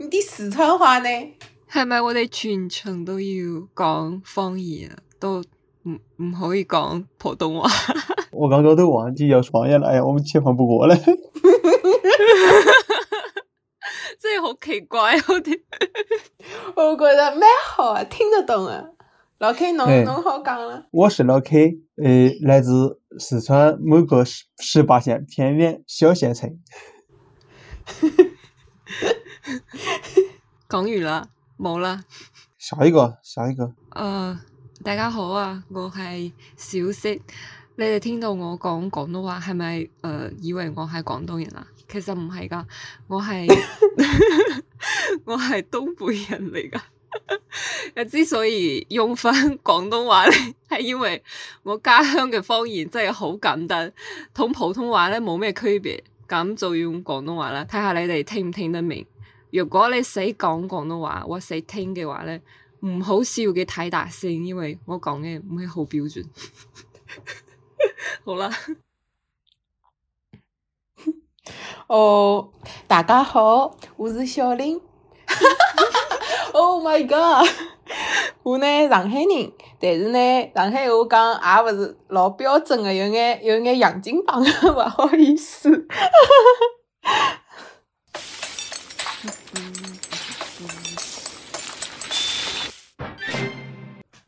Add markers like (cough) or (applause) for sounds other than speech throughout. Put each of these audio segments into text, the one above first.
你滴四川話呢？係咪我哋全程都要講方言，啊，都唔唔可以講普通話？我剛剛都忘記要方言啦！哎呀，我們切換不過嚟，真 (laughs) 係 (laughs) (laughs) (laughs) (laughs) 好奇怪，我哋 (laughs) 我覺得蠻好啊，聽得懂啊。老 K，儂儂好講啊？Hey, 我是老 K，誒，來自四川某個十十八線偏遠小縣城。 (laughs) 講 (laughs) 完啦，冇啦，下一個，下一個。誒、uh,，大家好啊，我係小昔，你哋聽到我講廣東話係咪？誒，uh, 以為我係廣東人啊？其實唔係噶，我係 (laughs) (laughs) 我係東北人嚟噶。 (laughs) 之所以用翻廣東話咧，係因為我家鄉嘅方言真係好簡單，同普通話咧冇咩區別，咁就用廣東話啦。睇下你哋聽唔聽得明？如果你死講廣東話，我死聽嘅話呢，唔好笑嘅太大聲，因為我講嘅唔係好標準。 (laughs) 好啦，哦， (music) oh, 大家好，我是曉玲。 (laughs) oh my god！我呢上海人，但是呢上海我講也唔是老標準嘅，有啲有啲洋涇浜，唔好意思。 (music) (music)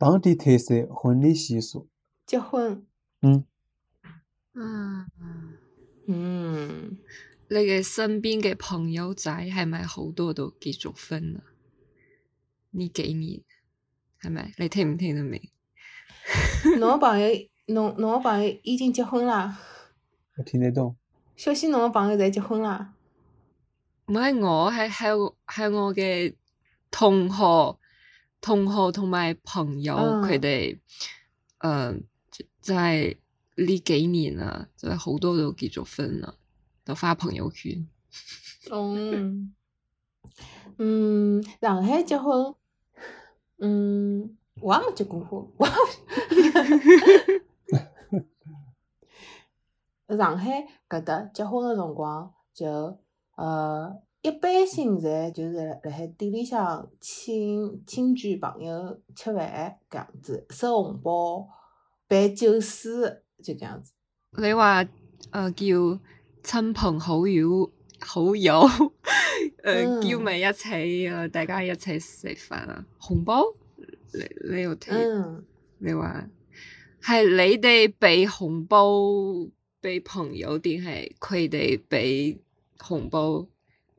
當地特色婚禮習俗，結婚。嗯，嗯、啊，嗯，你嘅身邊嘅朋友仔係咪好多都結咗婚啦？呢幾年係咪？你聽唔聽得明？ (laughs) 我朋友，我我朋友已經結婚啦。我聽得懂。小昔，儂個朋友在結婚啦？唔係我係，係係我嘅同學。同學同埋朋友佢哋，誒、oh. 呃，就係呢幾年啊，就係好多都結咗婚啦，都發朋友圈。嗯、oh. (laughs) um，上海結婚，嗯，我冇結過婚，我上海嗰度結婚嘅辰光就，誒。一般性就係，就是喺店裏向請親戚朋友吃飯，咁樣子收紅包、擺酒席，就咁樣子。你話，誒、呃、叫親朋好友、好友，誒、呃嗯、叫埋一齊，誒大家一齊食飯啊？紅包，你你有聽？你話係、嗯、你哋俾紅包俾朋友，定係佢哋俾紅包？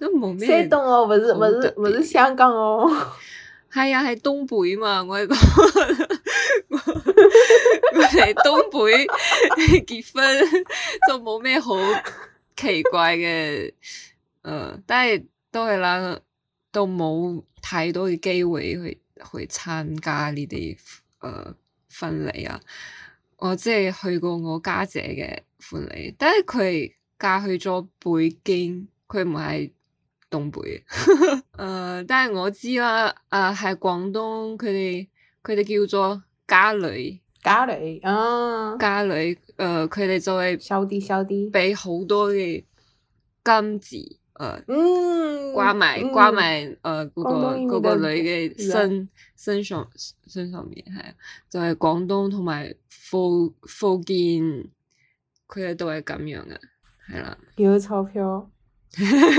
都冇咩，山東哦，不是不是不是香港哦。係 (laughs) 啊，喺東北嘛，我嚟 (laughs) (laughs) 東北 (laughs) 結婚就冇咩好奇怪嘅。嗯，但係都係啦，都冇太多嘅機會去去參加呢啲誒婚禮啊。 (laughs) 我即係去過我家姐嘅婚禮，但係佢嫁去咗北京，佢唔係。東北、 (laughs) 呃、但係我知啦，誒係廣東佢哋佢哋叫做家女，家女，啊家女，誒佢哋就係少啲少啲，畀好多嘅金子誒，掛埋掛埋誒嗰個嗰個女嘅身身上身上,身上面係，就係、是、廣東同埋福福建，佢哋都係咁樣嘅，係啦，有鈔票。 (laughs)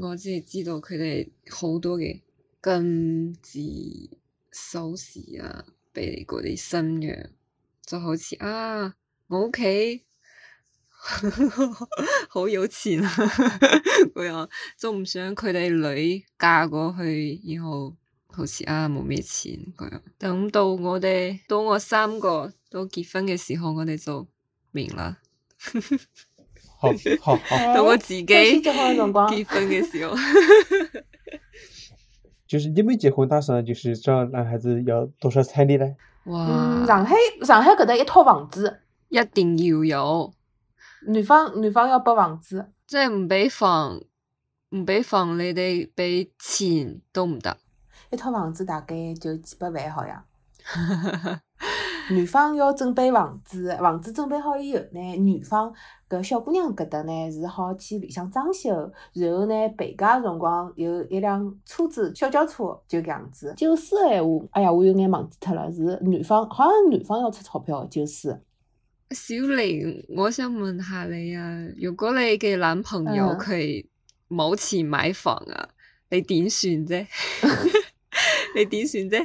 我只係知道佢哋好多嘅金字首飾啊，俾嗰啲新娘就好似啊，我屋企 (laughs) 好有錢啊，佢又仲唔想佢哋女嫁過去以，然後好似啊冇咩錢佢又， (laughs) 等到我哋到我三個都結婚嘅時候，我哋就明啦。 (laughs) (laughs) 好好好，等我自己結婚的時候。 (laughs) 就是你們結婚打算，就是找男孩子要多少彩禮嘞？嗯，上海上海搿搭一套房子一定要有。女方女方要撥房子，真唔俾房唔俾房，房你哋俾錢都唔得。一套房子大概就幾百萬，好像。 (laughs) 男方要準備房子，房子準備好以後呢，女方個小姑娘嗰度呢，是好去裏向裝修，然後呢，陪嫁嘅辰光有一輛車子小轎車就咁樣子。就是嘅閒話，哎呀，我有點忘記掉了，是男方，好像男方要出鈔票。就是小玲，我想問下你啊，如果你嘅男朋友佢冇錢買房啊，你點算啫？你點算啫？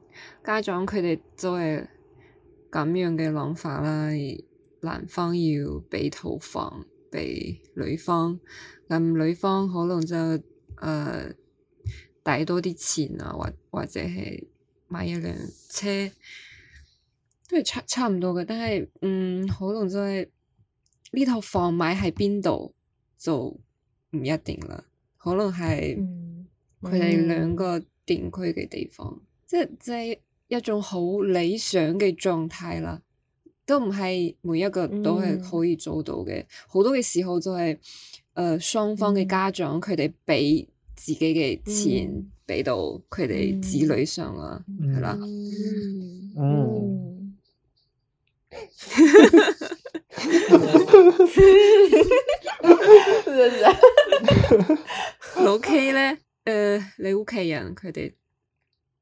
家長佢哋都係咁樣嘅諗法啦，男方要畀套房畀女方，咁女方可能就誒抵、呃、多啲錢啊，或或者係買一輛車，都係差差唔多嘅。但係嗯，可能就係呢套房買喺邊度就唔一定啦，可能係佢哋兩個定居嘅地方，即、嗯嗯、即。即一種好理想嘅狀態啦，都唔係每一個都係可以做到嘅。好、嗯、多嘅時候就係、是，誒、呃，雙方嘅家長佢哋畀自己嘅錢畀到佢哋子女上啊，係、嗯、啦。嗯。哈哈哈！哈哈哈！哈哈哈！老 K 咧，誒，你屋企人佢哋。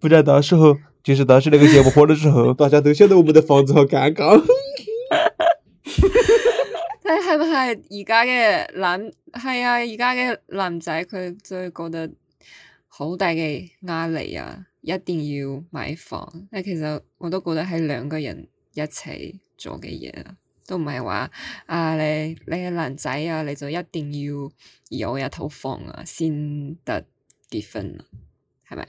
不然到時候，就是當時那個節目火的時候，大家都曉得我們的房子好尷尬。 (laughs) (laughs) (laughs) (laughs) 但係，還唔係而家嘅男，係啊，而家嘅男仔佢最覺得好大嘅壓力啊，一定要買房。但其實我都覺得係兩個人一齊做嘅嘢啦，都唔係話啊你你嘅男仔啊，你就一定要有一套房啊，先得結婚啊，係咪？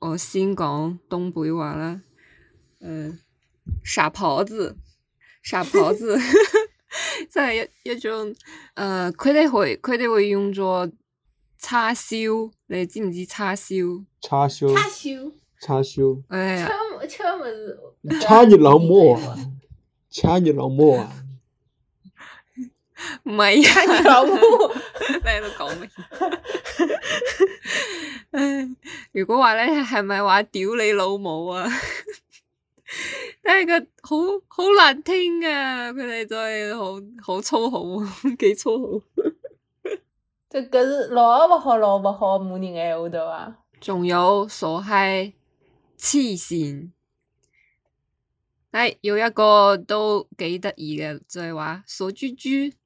哦，我先講東北話啦，嗯、呃，傻狍子，傻狍子，呵 (laughs) 在 (laughs) 一,一種，呃，佢哋會佢哋會用作叉燒，你知唔知叉燒？叉燒，叉燒，叉燒。吃吃叉事。叉你老母啊！叉你老母啊！叉 (laughs) (laughs) 唔係啊，老母， (laughs) 你喺度講咩？ (laughs) (laughs) 唉，如果話咧，係咪話屌你老母啊？真係個好好難聽啊！佢哋真係好好粗口，幾粗口。這搵是老唔好老唔好，母人愛護的哇。仲有，傻閪痴線，係有一個都幾得意嘅，就係話傻豬豬。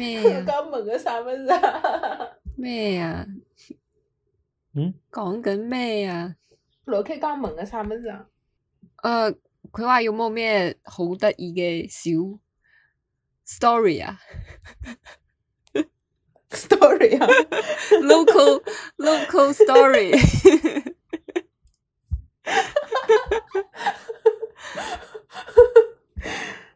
佢講問個啥物事啊？咩啊？嗯？講緊咩啊？老 K 講問個啥物事啊？誒，佢話有冇咩好得意嘅小 story 啊？story 啊？local local story。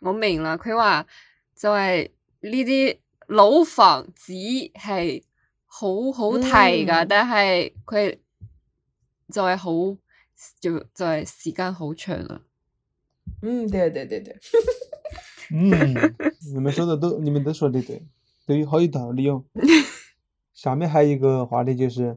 我明啦，佢話就係呢啲老房子係好好睇噶，但係佢就係好就就係時間好長啦。嗯，對對對對， (laughs) 嗯，你們說的都，你們都說的對，都有好有道理哦。下面還有一個話題就是。